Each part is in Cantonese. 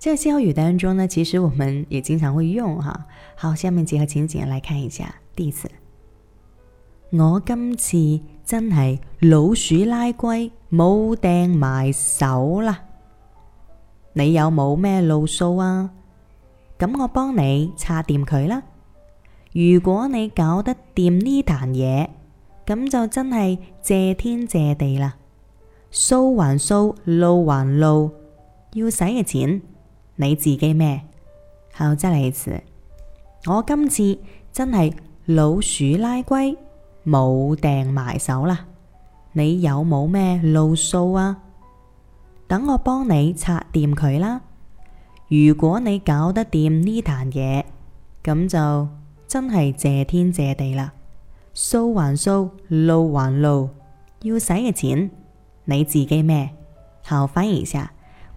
在歇後語當中呢，其實我們也經常會用哈。好，下面結合情景嚟看一下例子。我今次真係老鼠拉龜冇埞埋手啦，你有冇咩路數啊？咁我幫你拆掂佢啦。如果你搞得掂呢壇嘢，咁就真係謝天謝地啦。數還數，路還路，要使嘅錢。你自己孭。好，再嚟次，我今次真係老鼠拉龜，冇埞埋手啦。你有冇咩路數啊？等我幫你拆掂佢啦。如果你搞得掂呢壇嘢，咁就真係謝天謝地啦。數還數，路還路，要使嘅錢你自己孭。好，翻譯下。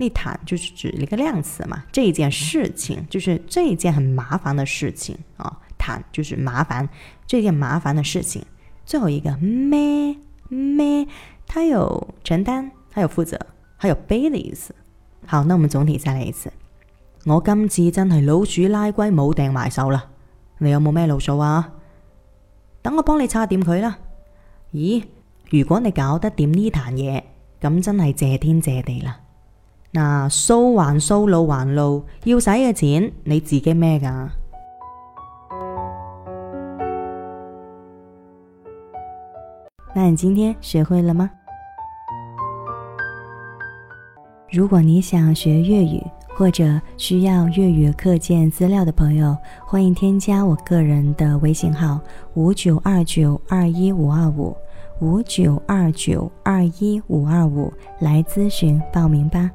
你壇就是指一個量詞嘛，這件事情就是這一件很麻煩的事情啊。壇就是麻煩這件麻煩的事情。最後一個咩咩，它有承擔，還有負責，還有背的意思。好，那我們總體再來一次。我今次真係老鼠拉龜冇埞埋手啦，你有冇咩路數啊？等我幫你拆掂佢啦。咦，如果你搞得掂呢壇嘢，咁真係謝天謝地啦。那數還數，路還路，要使嘅錢你自己孭㗎。那你今天學會了嗎？如果你想學粵語或者需要粵語課件資料的朋友，歡迎添加我個人的微信號五九二九二一五二五五九二九二一五二五來諮詢報名吧。